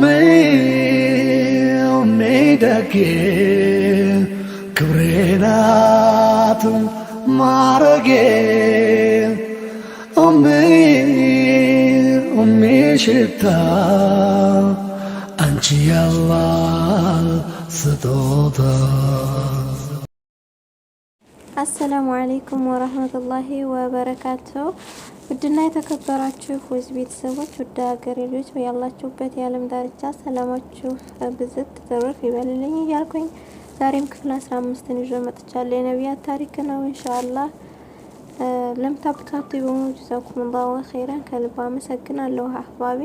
ሜሜደጌ ክብሬናት ማረጌ ሽታ አንቺ ያላህ ስጦታ። አሰላሙ አለይኩም ወረህመቱላሂ ወበረካቱ። ውድና የተከበራችሁ ውዝ ቤተሰቦች ውድ ሀገሬ ልጆች ያላችሁበት የዓለም ዳርቻ ሰላማችሁ ብዝት ትርፍ ይበልልኝ እያልኩኝ ዛሬም ክፍል አስራ አምስትን ይዞ መጥቻለሁ። የነቢያት ታሪክ ነው። እንሻላ ለምታብታቱ የሆኑ ጀዛኩም ላሁ ኸይረን ከልባ አመሰግናለሁ። አህባቢ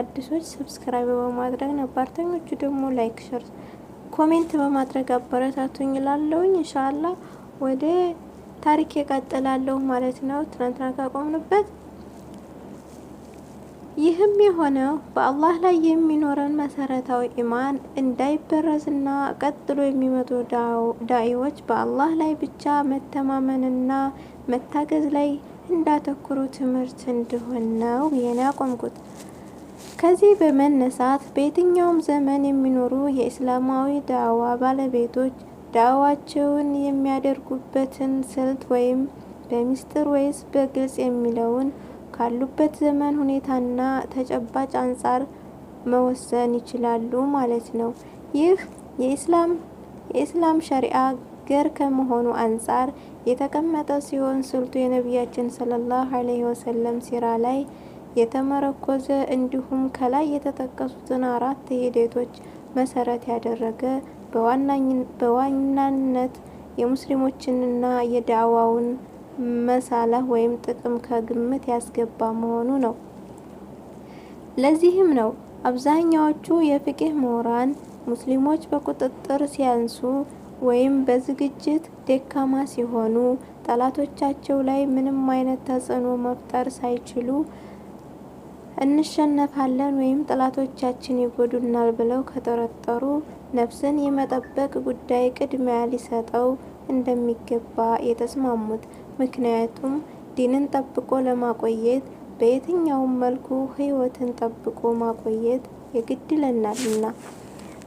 አዲሶች ሰብስክራይብ በማድረግ ነባርተኞቹ ደግሞ ላይክ፣ ሸር፣ ኮሜንት በማድረግ አበረታቱኝ ይላለውኝ። እንሻላ ወደ ታሪክ የቀጥላለሁ ማለት ነው። ትናንትና ካቆምንበት ይህም የሆነው በአላህ ላይ የሚኖረን መሰረታዊ ኢማን እንዳይበረዝና ቀጥሎ የሚመጡ ዳኢዎች በአላህ ላይ ብቻ መተማመንና መታገዝ ላይ እንዳተኩሩ ትምህርት እንዲሆን ነው ይህን ያቆምኩት። ከዚህ በመነሳት በየትኛውም ዘመን የሚኖሩ የእስላማዊ ዳዋ ባለቤቶች ዳዋቸውን የሚያደርጉበትን ስልት ወይም በሚስጥር ወይስ በግልጽ የሚለውን ካሉበት ዘመን ሁኔታና ተጨባጭ አንጻር መወሰን ይችላሉ ማለት ነው። ይህ የኢስላም ሸሪአ ገር ከመሆኑ አንጻር የተቀመጠ ሲሆን ስልቱ የነቢያችን ሰለላሁ ዐለይሂ ወሰለም ሲራ ላይ የተመረኮዘ እንዲሁም ከላይ የተጠቀሱትን አራት ሂደቶች መሰረት ያደረገ በዋናነት የሙስሊሞችንና የዳዋውን መሳላህ ወይም ጥቅም ከግምት ያስገባ መሆኑ ነው። ለዚህም ነው አብዛኛዎቹ የፍቅህ ምሁራን ሙስሊሞች በቁጥጥር ሲያንሱ ወይም በዝግጅት ደካማ ሲሆኑ ጠላቶቻቸው ላይ ምንም አይነት ተጽዕኖ መፍጠር ሳይችሉ እንሸነፋለን ወይም ጠላቶቻችን ይጎዱናል ብለው ከጠረጠሩ ነፍስን የመጠበቅ ጉዳይ ቅድሚያ ሊሰጠው እንደሚገባ የተስማሙት። ምክንያቱም ዲንን ጠብቆ ለማቆየት በየትኛውም መልኩ ህይወትን ጠብቆ ማቆየት የግድ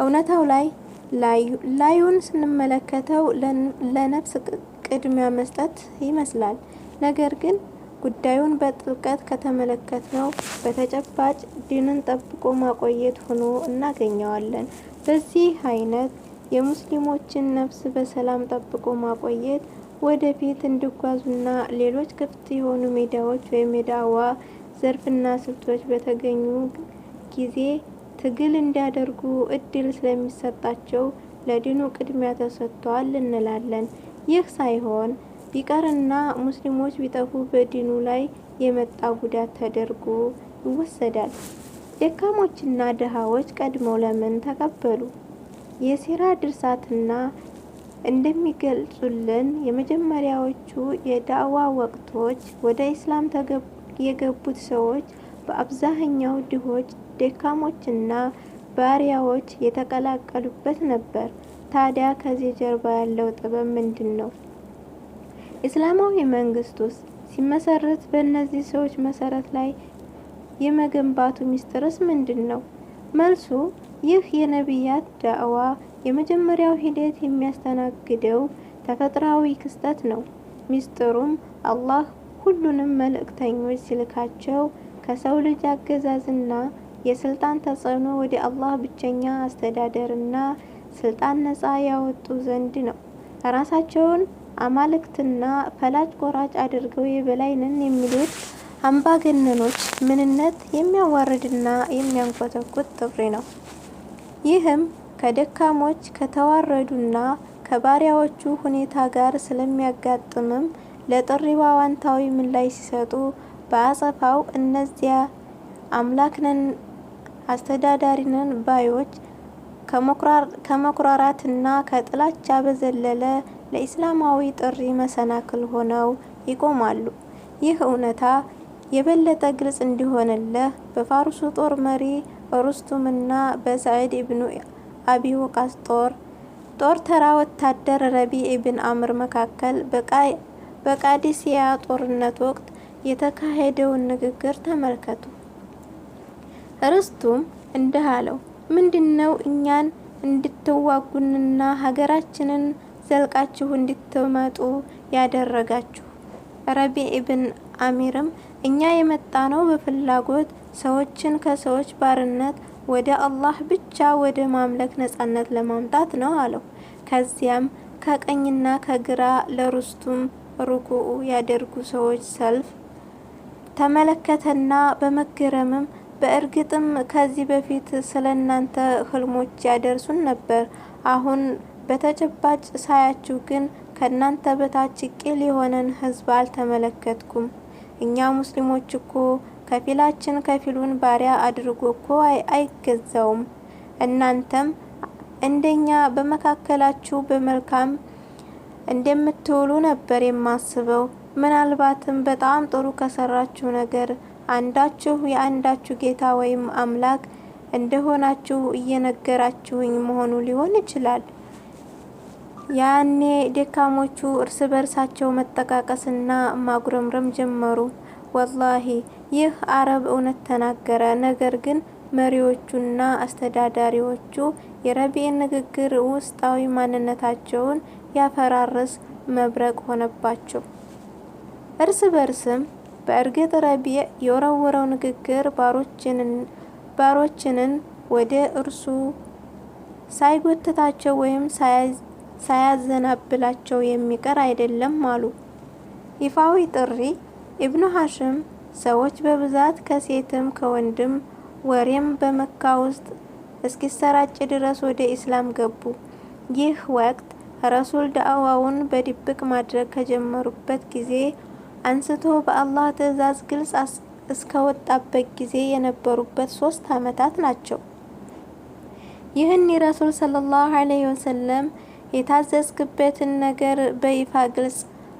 እውነታው ላይ ላዩን ስንመለከተው ለነፍስ ቅድሚያ መስጠት ይመስላል። ነገር ግን ጉዳዩን በጥልቀት ከተመለከትነው በተጨባጭ ዲንን ጠብቆ ማቆየት ሆኖ እናገኘዋለን። በዚህ አይነት የሙስሊሞችን ነፍስ በሰላም ጠብቆ ማቆየት ወደፊት እንዲጓዙና ሌሎች ክፍት የሆኑ ሜዳዎች ወይም የዳዋ ዘርፍና ስልቶች በተገኙ ጊዜ ትግል እንዲያደርጉ እድል ስለሚሰጣቸው ለዲኑ ቅድሚያ ተሰጥቷል እንላለን። ይህ ሳይሆን ቢቀርና ሙስሊሞች ቢጠፉ በዲኑ ላይ የመጣ ጉዳት ተደርጎ ይወሰዳል። ደካሞችና ድሃዎች ቀድመው ለምን ተቀበሉ? የሴራ ድርሳትና እንደሚገልጹልን የመጀመሪያዎቹ የዳዕዋ ወቅቶች ወደ ኢስላም የገቡት ሰዎች በአብዛኛው ድሆች፣ ደካሞችና ባሪያዎች የተቀላቀሉበት ነበር። ታዲያ ከዚህ ጀርባ ያለው ጥበብ ምንድን ነው? እስላማዊ መንግስት ውስጥ ሲመሰረት በእነዚህ ሰዎች መሰረት ላይ የመገንባቱ ሚስጥርስ ምንድን ነው? መልሱ ይህ የነቢያት ዳዕዋ የመጀመሪያው ሂደት የሚያስተናግደው ተፈጥሯዊ ክስተት ነው። ሚስጥሩም አላህ ሁሉንም መልእክተኞች ሲልካቸው ከሰው ልጅ አገዛዝና የስልጣን ተጽዕኖ ወደ አላህ ብቸኛ አስተዳደርና ስልጣን ነጻ ያወጡ ዘንድ ነው ራሳቸውን አማልክትና ፈላጭ ቆራጭ አድርገው የበላይ ነን የሚሉት አምባገነኖች ምንነት የሚያዋርድና የሚያንኮተኩት ጥሪ ነው። ይህም ከደካሞች ከተዋረዱና ከባሪያዎቹ ሁኔታ ጋር ስለሚያጋጥምም ለጥሪው አዎንታዊ ምላሽ ሲሰጡ፣ በአጸፋው እነዚያ አምላክነን አስተዳዳሪነን ባዮች ከመኩራራትና ከጥላቻ በዘለለ ለኢስላማዊ ጥሪ መሰናክል ሆነው ይቆማሉ። ይህ እውነታ የበለጠ ግልጽ እንዲሆንልህ በፋርሱ ጦር መሪ ሩስቱምና በሰዕድ ኢብኑ አቢ ወቃስ ጦር ጦር ተራ ወታደር ረቢዕ ኢብን አምር መካከል በቃዲሲያ ጦርነት ወቅት የተካሄደውን ንግግር ተመልከቱ። ሩስቱም እንዲህ አለው፣ ምንድነው እኛን እንድትዋጉንና ሀገራችንን ዘልቃችሁ እንድትመጡ ያደረጋችሁ። ረቢዕ ብን አሚርም እኛ የመጣ ነው በፍላጎት ሰዎችን ከሰዎች ባርነት ወደ አላህ ብቻ ወደ ማምለክ ነጻነት ለማምጣት ነው አለው። ከዚያም ከቀኝና ከግራ ለሩስቱም ሩኩኡ ያደርጉ ሰዎች ሰልፍ ተመለከተና በመገረምም በእርግጥም ከዚህ በፊት ስለ እናንተ ህልሞች ያደርሱን ነበር አሁን በተጨባጭ ሳያችሁ ግን ከእናንተ በታች ቂል የሆነን ህዝብ አልተመለከትኩም። እኛ ሙስሊሞች እኮ ከፊላችን ከፊሉን ባሪያ አድርጎ እኮ አይገዛውም። እናንተም እንደኛ በመካከላችሁ በመልካም እንደምትውሉ ነበር የማስበው። ምናልባትም በጣም ጥሩ ከሰራችሁ ነገር አንዳችሁ የአንዳችሁ ጌታ ወይም አምላክ እንደሆናችሁ እየነገራችሁኝ መሆኑ ሊሆን ይችላል። ያኔ ደካሞቹ እርስ በርሳቸው መጠቃቀስና ማጉረምረም ጀመሩ። ወላሂ ይህ አረብ እውነት ተናገረ። ነገር ግን መሪዎቹና አስተዳዳሪዎቹ የረቢዕን ንግግር ውስጣዊ ማንነታቸውን ያፈራርስ መብረቅ ሆነባቸው። እርስ በርስም በእርግጥ ረቢዕ የወረወረው ንግግር ባሮችንን ወደ እርሱ ሳይጎትታቸው ወይም ሳያዘናብላቸው የሚቀር አይደለም አሉ። ይፋዊ ጥሪ ኢብኑ ሐሽም ሰዎች በብዛት ከሴትም ከወንድም ወሬም በመካ ውስጥ እስኪሰራጭ ድረስ ወደ ኢስላም ገቡ። ይህ ወቅት ረሱል ዳዕዋውን በድብቅ ማድረግ ከጀመሩበት ጊዜ አንስቶ በአላህ ትዕዛዝ ግልጽ እስከወጣበት ጊዜ የነበሩበት ሶስት ዓመታት ናቸው። ይህን የረሱል ሰለላሁ ዐለይሂ ወሰለም የታዘዝክበትን ነገር በይፋ ግልጽ፣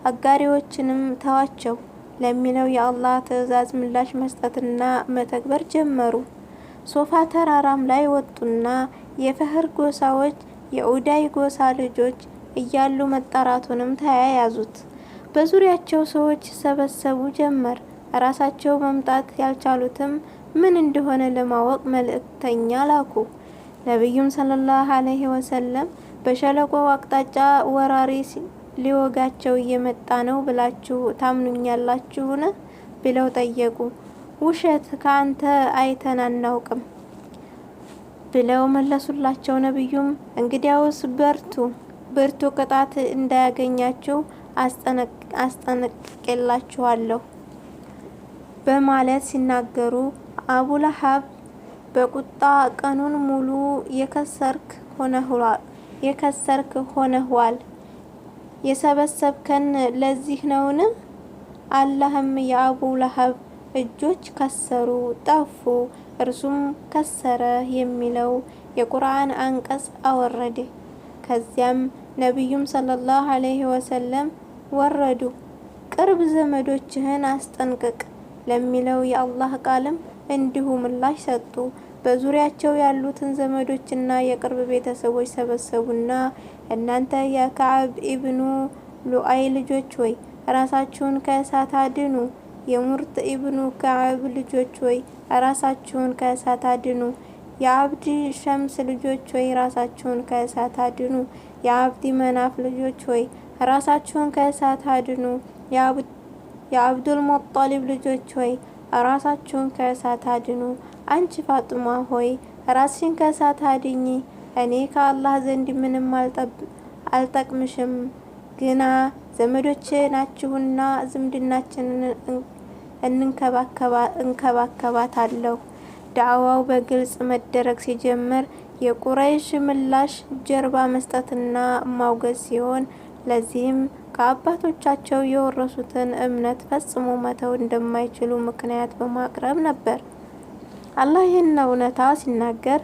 አጋሪዎችንም ተዋቸው ለሚለው የአላህ ትዕዛዝ ምላሽ መስጠትና መተግበር ጀመሩ። ሶፋ ተራራም ላይ ወጡና የፈህር ጎሳዎች የኡዳይ ጎሳ ልጆች እያሉ መጠራቱንም ተያያዙት። በዙሪያቸው ሰዎች ሰበሰቡ ጀመር። ራሳቸው መምጣት ያልቻሉትም ምን እንደሆነ ለማወቅ መልእክተኛ ላኩ። ነቢዩም ሰለላሁ ዐለይሂ ወሰለም በሸለቆው አቅጣጫ ወራሪ ሊወጋቸው እየመጣ ነው ብላችሁ ታምኑኛላችሁን? ብለው ጠየቁ። ውሸት ከአንተ አይተን አናውቅም ብለው መለሱላቸው። ነቢዩም እንግዲያውስ በርቱ፣ ብርቱ ቅጣት እንዳያገኛችሁ አስጠነቅቄላችኋለሁ በማለት ሲናገሩ አቡ ለሀብ በቁጣ ቀኑን ሙሉ የከሰርክ ሆነሃል የከሰርክ ሆነኋል። የሰበሰብከን ለዚህ ነውን? አላህም የአቡ ለሀብ እጆች ከሰሩ ጠፉ፣ እርሱም ከሰረ የሚለው የቁርአን አንቀጽ አወረደ። ከዚያም ነቢዩም ሰለላሁ ዐለይሂ ወሰለም ወረዱ። ቅርብ ዘመዶችህን አስጠንቅቅ ለሚለው የአላህ ቃልም እንዲሁ ምላሽ ሰጡ። በዙሪያቸው ያሉትን ዘመዶችና የቅርብ ቤተሰቦች ሰበሰቡና እናንተ የካዕብ ኢብኑ ሉአይ ልጆች ሆይ ራሳችሁን ከእሳት አድኑ። የሙርት ኢብኑ ካዕብ ልጆች ሆይ ራሳችሁን ከእሳት አድኑ። የአብዲ ሸምስ ልጆች ሆይ ራሳችሁን ከእሳት አድኑ። የአብዲ መናፍ ልጆች ሆይ ራሳችሁን ከእሳት አድኑ። የአብዱል ሙጠሊብ ልጆች ሆይ ራሳችሁን ከእሳት አድኑ። አንቺ ፋጡማ ሆይ ራስሽን ከእሳት አድኚ። እኔ ከአላህ ዘንድ ምንም አልጠቅምሽም፣ ግና ዘመዶች ናችሁና ዝምድናችንን እንከባከባታለሁ። ዳዕዋው በግልጽ መደረግ ሲጀምር የቁረይሽ ምላሽ ጀርባ መስጠትና ማውገዝ ሲሆን ለዚህም ከአባቶቻቸው የወረሱትን እምነት ፈጽሞ መተው እንደማይችሉ ምክንያት በማቅረብ ነበር። አላህ ይህን እውነታ ሲናገር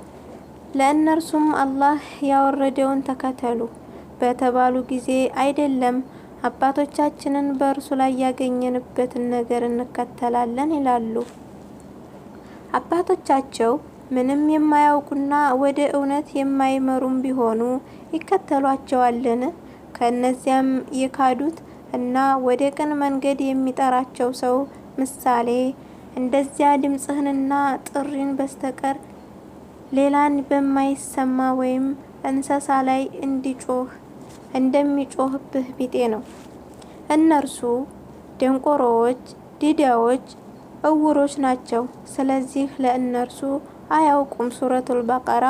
ለእነርሱም አላህ ያወረደውን ተከተሉ በተባሉ ጊዜ አይደለም አባቶቻችንን በእርሱ ላይ ያገኘንበትን ነገር እንከተላለን ይላሉ። አባቶቻቸው ምንም የማያውቁና ወደ እውነት የማይመሩም ቢሆኑ ይከተሏቸዋልን? ከእነዚያም የካዱት እና ወደ ቅን መንገድ የሚጠራቸው ሰው ምሳሌ እንደዚያ ድምፅህንና ጥሪን በስተቀር ሌላን በማይሰማ ወይም እንስሳ ላይ እንዲጮህ እንደሚጮህብህ ቢጤ ነው። እነርሱ ደንቆሮዎች፣ ዲዳዎች፣ እውሮች ናቸው። ስለዚህ ለእነርሱ አያውቁም። ሱረቱል በቀራ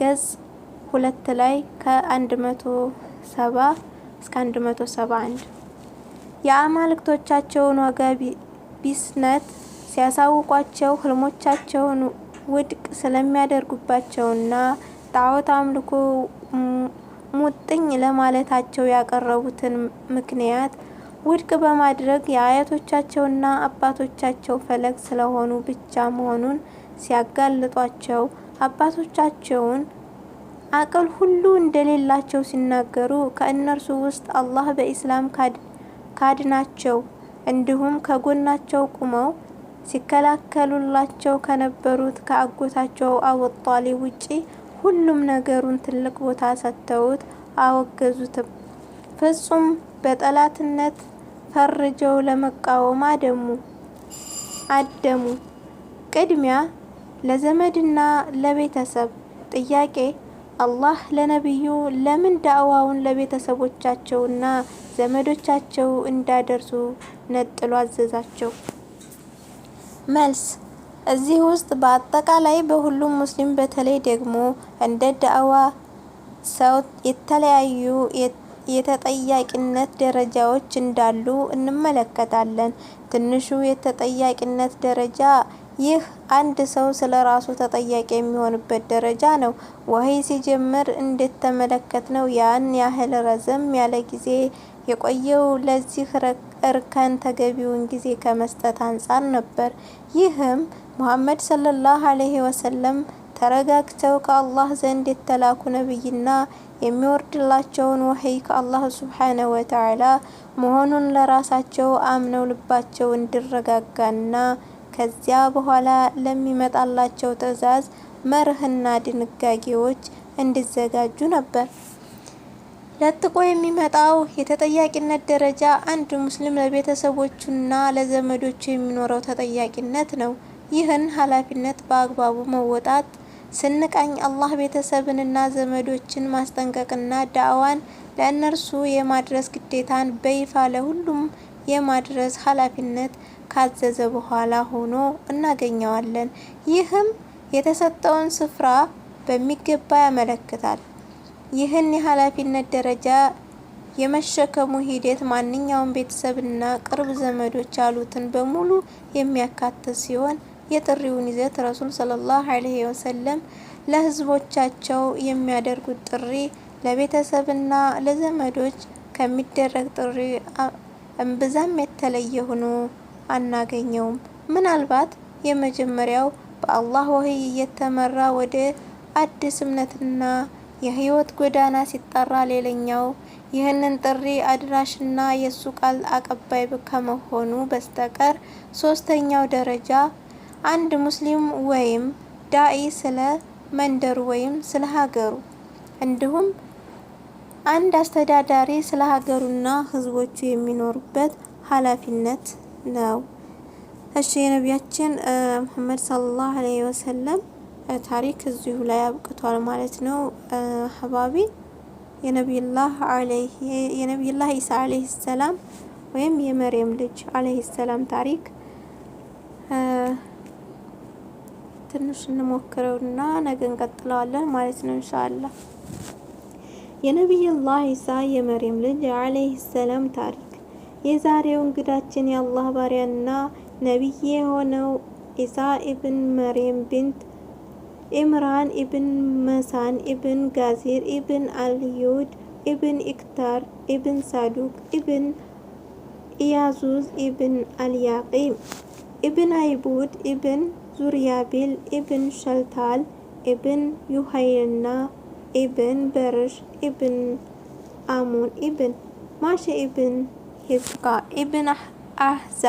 ገጽ ሁለት ላይ ከአንድ መቶ ሰባ እስከ 171 የአማልክቶቻቸውን ዋጋ ቢስነት ሲያሳውቋቸው ህልሞቻቸውን ውድቅ ስለሚያደርጉባቸውና ጣዖት አምልኮ ሙጥኝ ለማለታቸው ያቀረቡትን ምክንያት ውድቅ በማድረግ የአያቶቻቸውና አባቶቻቸው ፈለግ ስለሆኑ ብቻ መሆኑን ሲያጋልጧቸው አባቶቻቸውን አቅል ሁሉ እንደሌላቸው ሲናገሩ ከእነርሱ ውስጥ አላህ በኢስላም ካድናቸው እንዲሁም ከጎናቸው ቁመው ሲከላከሉላቸው ከነበሩት ከአጎታቸው አቡጣሊብ ውጪ ሁሉም ነገሩን ትልቅ ቦታ ሰጥተውት አወገዙትም። ፍጹም በጠላትነት ፈርጀው ለመቃወም አደሙ አደሙ። ቅድሚያ ለዘመድና ለቤተሰብ ጥያቄ አላህ ለነቢዩ ለምን ዳዕዋውን ለቤተሰቦቻቸውና ዘመዶቻቸው እንዳደርሱ ነጥሎ አዘዛቸው? መልስ እዚህ ውስጥ በአጠቃላይ በሁሉም ሙስሊም በተለይ ደግሞ እንደ ዳዕዋ ሰው የተለያዩ የተጠያቂነት ደረጃዎች እንዳሉ እንመለከታለን። ትንሹ የተጠያቂነት ደረጃ ይህ አንድ ሰው ስለ ራሱ ተጠያቂ የሚሆንበት ደረጃ ነው። ወህይ ሲጀምር እንደተመለከት ነው ያን ያህል ረዘም ያለ ጊዜ የቆየው ለዚህ እርከን ተገቢውን ጊዜ ከመስጠት አንጻር ነበር። ይህም ሙሐመድ ሰለላሁ ዐለይሂ ወሰለም ተረጋግተው ከአላህ ዘንድ የተላኩ ነብይና የሚወርድላቸውን ወህይ ከአላህ ሱብሓነሁ ወተዓላ መሆኑን ለራሳቸው አምነው ልባቸው እንዲረጋጋና ከዚያ በኋላ ለሚመጣላቸው ትዕዛዝ መርህና ድንጋጌዎች እንዲዘጋጁ ነበር። ለጥቆ የሚመጣው የተጠያቂነት ደረጃ አንድ ሙስሊም ለቤተሰቦቹና ለዘመዶቹ የሚኖረው ተጠያቂነት ነው። ይህን ኃላፊነት በአግባቡ መወጣት ስንቃኝ አላህ ቤተሰብንና ዘመዶችን ማስጠንቀቅና ዳዕዋን ለእነርሱ የማድረስ ግዴታን በይፋ ለሁሉም የማድረስ ኃላፊነት ካዘዘ በኋላ ሆኖ እናገኘዋለን። ይህም የተሰጠውን ስፍራ በሚገባ ያመለክታል። ይህን የኃላፊነት ደረጃ የመሸከሙ ሂደት ማንኛውም ቤተሰብና ቅርብ ዘመዶች ያሉትን በሙሉ የሚያካትት ሲሆን የጥሪውን ይዘት ረሱል ሰለላሁ ዐለይሂ ወሰለም ለህዝቦቻቸው የሚያደርጉት ጥሪ ለቤተሰብና ለዘመዶች ከሚደረግ ጥሪ እምብዛም የተለየ ሆኖ አናገኘውም። ምናልባት የመጀመሪያው በአላህ ወህይ እየተመራ ወደ አዲስ እምነትና የህይወት ጎዳና ሲጠራ፣ ሌላኛው ይህንን ጥሪ አድራሽና የእሱ ቃል አቀባይ ከመሆኑ በስተቀር ሶስተኛው ደረጃ አንድ ሙስሊም ወይም ዳኢ ስለ መንደሩ ወይም ስለ ሀገሩ እንዲሁም አንድ አስተዳዳሪ ስለ ሀገሩና ህዝቦቹ የሚኖሩበት ኃላፊነት ነው። እሺ የነቢያችን ሙሐመድ ሰለላሁ አለይሂ ወሰለም ታሪክ እዚሁ ላይ አብቅቷል ማለት ነው። አህባቢ የነቢዩላህ ኢሳ አለይሂ ሰላም ወይም የመርየም ልጅ አለይሂ ሰላም ታሪክ ትንሽ እንሞክረውና ነገ እንቀጥለዋለን ማለት ነው ኢንሻአላህ። የነቢዩላህ ኢሳ የመርየም ልጅ አለይሂ ሰላም ታሪክ የዛሬው እንግዳችን የአላህ ባሪያና ነቢይ የሆነው ኢሳ ኢብን መርየም ቢንት ኢምራን ኢብን መሳን ኢብን ጋዚር ኢብን አልዩድ ኢብን ኢክታር ኢብን ሳዱቅ ኢብን ኢያዙዝ ኢብን አልያቂም ኢብን አይቡድ ኢብን ዙርያቢል ኢብን ሸልታል ኢብን ዩሀይልና ኢብን በርሽ ኢብን አሙን ኢብን ማሸ ኢብን ሒፍቃ ኢብን አህዛ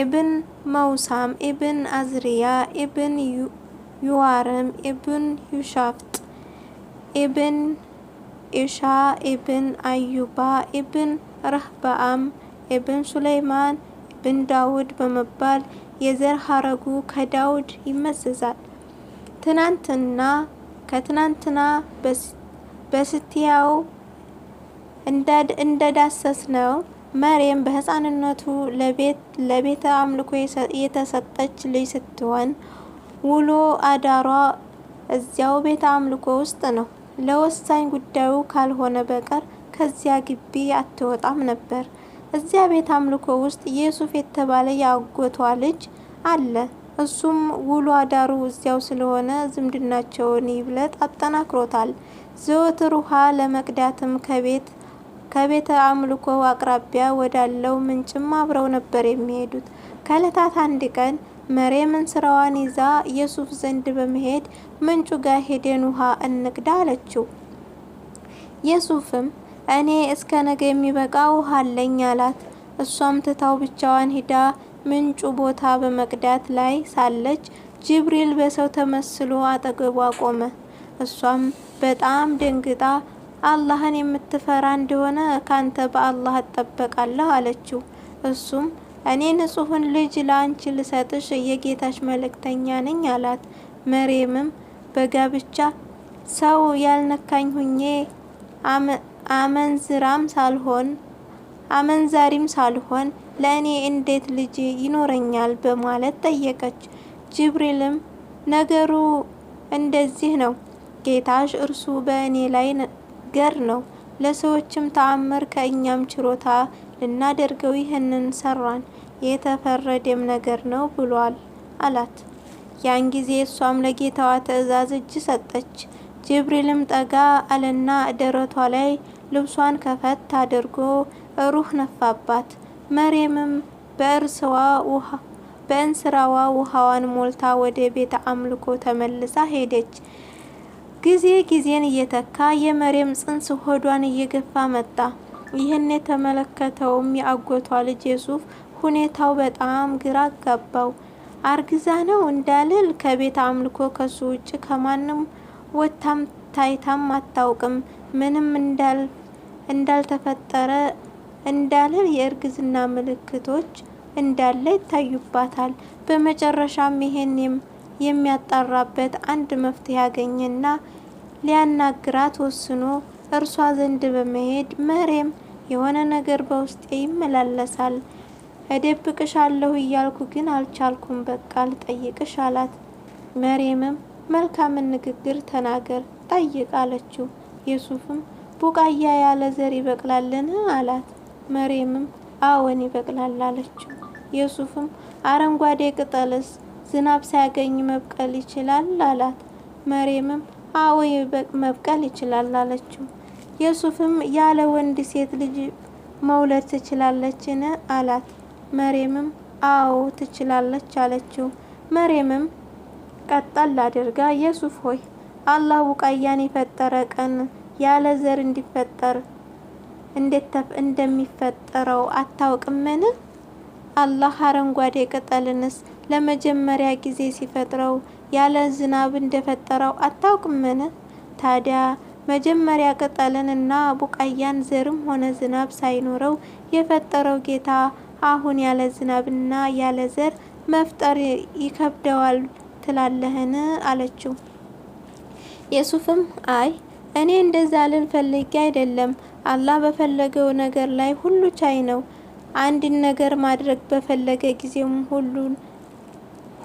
ኢብን መውሳም ኢብን አዝርያ ኢብን ዩዋርም ኢብን ዩሻፍጥ ኢብን ኢሻ ኢብን አዩባ ኢብን ረህበአም ኢብን ሱለይማን ኢብን ዳውድ በመባል የዘር ሀረጉ ከዳውድ ይመዘዛል። ትናንትና ከትናንትና በስቲያው እንደዳሰስ ነው መሬም በህፃንነቱ ለቤተ አምልኮ የተሰጠች ልጅ ስትሆን ውሎ አዳሯ እዚያው ቤተ አምልኮ ውስጥ ነው። ለወሳኝ ጉዳዩ ካልሆነ በቀር ከዚያ ግቢ አትወጣም ነበር። እዚያ ቤተ አምልኮ ውስጥ የሱፍ የተባለ የአጎቷ ልጅ አለ። እሱም ውሎ አዳሩ እዚያው ስለሆነ ዝምድናቸውን ይብለጥ አጠናክሮታል። ዘወትር ውሃ ለመቅዳትም ከቤት ከቤተ አምልኮ አቅራቢያ ወዳለው ምንጭም አብረው ነበር የሚሄዱት። ከእለታት አንድ ቀን መሬምን ስራዋን ይዛ የሱፍ ዘንድ በመሄድ ምንጩ ጋር ሄደን ውሃ እንቅዳ አለችው። የሱፍም እኔ እስከ ነገ የሚበቃ ውሃ አለኝ አላት። እሷም ትታው ብቻዋን ሂዳ ምንጩ ቦታ በመቅዳት ላይ ሳለች ጅብሪል በሰው ተመስሎ አጠገቧ ቆመ። እሷም በጣም ደንግጣ አላህን የምትፈራ እንደሆነ ካንተ በአላህ እጠበቃለሁ አለችው። እሱም እኔ ንጹህን ልጅ ለአንቺ ልሰጥሽ የጌታሽ መልእክተኛ ነኝ አላት። መሬምም በጋብቻ ሰው ያልነካኝ ሁኜ አመንዝራም ሳልሆን አመንዛሪም ሳልሆን ለእኔ እንዴት ልጅ ይኖረኛል በማለት ጠየቀች። ጅብሪልም ነገሩ እንደዚህ ነው ጌታሽ እርሱ በእኔ ላይ ነገር ነው። ለሰዎችም ተአምር ከእኛም ችሮታ ልናደርገው ይህንን ሰራን፣ የተፈረደም ነገር ነው ብሏል አላት። ያን ጊዜ እሷም ለጌታዋ ትእዛዝ እጅ ሰጠች። ጅብሪልም ጠጋ አለና ደረቷ ላይ ልብሷን ከፈት አድርጎ ሩህ ነፋባት። መሬምም በእንስራዋ ውሃዋን ሞልታ ወደ ቤተ አምልኮ ተመልሳ ሄደች። ጊዜ ጊዜን እየተካ የመሬም ጽንስ ሆዷን እየገፋ መጣ። ይህን የተመለከተውም የአጎቷ ልጅ የሱፍ ሁኔታው በጣም ግራ አጋባው። አርግዛ ነው እንዳልል ከቤት አምልኮ ከሱ ውጭ ከማንም ወታም ታይታም አታውቅም። ምንም እንዳልተፈጠረ እንዳልል የእርግዝና ምልክቶች እንዳለ ይታዩባታል። በመጨረሻም ይሄን የሚያጣራበት አንድ መፍትሄ ያገኘና ሊያናግራት ወስኖ እርሷ ዘንድ በመሄድ መሬም የሆነ ነገር በውስጤ ይመላለሳል አለሁ እያልኩ ግን አልቻልኩም፣ በቃ ልጠይቅሽ አላት። መሬምም መልካምን ንግግር ተናገር ጠይቅ አለችው። የሱፍም ቡቃያ ያለ ዘር ይበቅላልን አላት። መሬምም አዎን ይበቅላል አለችው። የሱፍም አረንጓዴ ቅጠልስ ዝናብ ሳያገኝ መብቀል ይችላል አላት። መሬምም አዎ መብቀል ይችላል አለችው። የሱፍም ያለ ወንድ ሴት ልጅ መውለድ ትችላለችን አላት። መሬምም አዎ ትችላለች አለችው። መሬምም ቀጠል አድርጋ የሱፍ ሆይ አላህ ውቃያን የፈጠረ ቀን ያለ ዘር እንዲፈጠር እንደሚፈጠረው አታውቅምን? አላህ አረንጓዴ ቅጠልንስ ለመጀመሪያ ጊዜ ሲፈጥረው ያለ ዝናብ እንደፈጠረው አታውቅምን? ታዲያ መጀመሪያ ቅጠልን እና ቡቃያን ዘርም ሆነ ዝናብ ሳይኖረው የፈጠረው ጌታ አሁን ያለ ዝናብና ያለ ዘር መፍጠር ይከብደዋል ትላለህን? አለችው። የሱፍም አይ እኔ እንደዛ ልን ፈልጌ አይደለም። አላህ በፈለገው ነገር ላይ ሁሉ ቻይ ነው። አንድን ነገር ማድረግ በፈለገ ጊዜም ሁሉን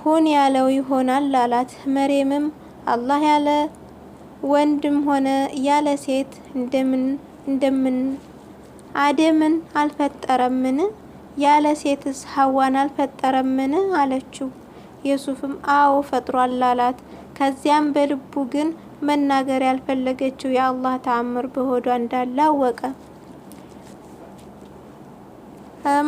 ሁን ያለው ይሆናል አላት። መሬምም አላህ ያለ ወንድም ሆነ ያለ ሴት እንደምን እንደምን አደምን አልፈጠረምን? ያለ ሴትስ ሀዋን አልፈጠረምን? አለችው። የሱፍም አዎ ፈጥሯል አላት። ከዚያም በልቡ ግን መናገር ያልፈለገችው የአላህ ተአምር በሆዷ እንዳለ አወቀ።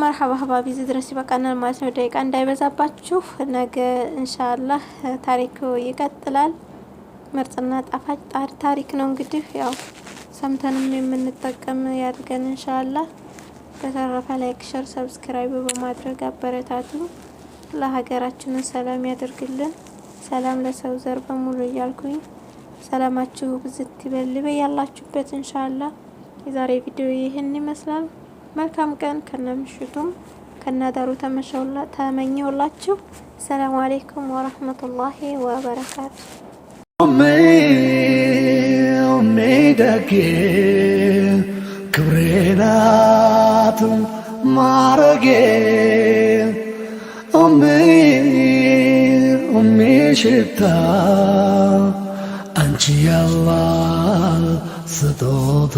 መርሀባ ሀባቢ እዚህ ድረስ ይበቃናል ማለት ነው። ደቂቃ እንዳይበዛባችሁ። ነገ እንሻላህ ታሪክ ይቀጥላል። ምርጥና ጣፋጭ ታሪክ ነው እንግዲህ ያው ሰምተንም የምንጠቀም ያድርገን እንሻላህ። በተረፈ ላይክ፣ ሸር፣ ሰብስክራይብ በማድረግ አበረታቱ። ለሀገራችንን ሰላም ያደርግልን። ሰላም ለሰው ዘር በሙሉ እያልኩኝ ሰላማችሁ ብዝት ይበልበ ያላችሁበት እንሻላ። የዛሬ ቪዲዮ ይህን ይመስላል። መልካም ቀን ከነምሽቱም ከነዳሩ ተመኘውላችሁ። ሰላም አለይኩም ወራህመቱላሂ ወበረካቱ። ሜደጌ ክብሬ ናት ማረጌ ኦሜ ኦሜ ሽታ አንቺ ስጦታ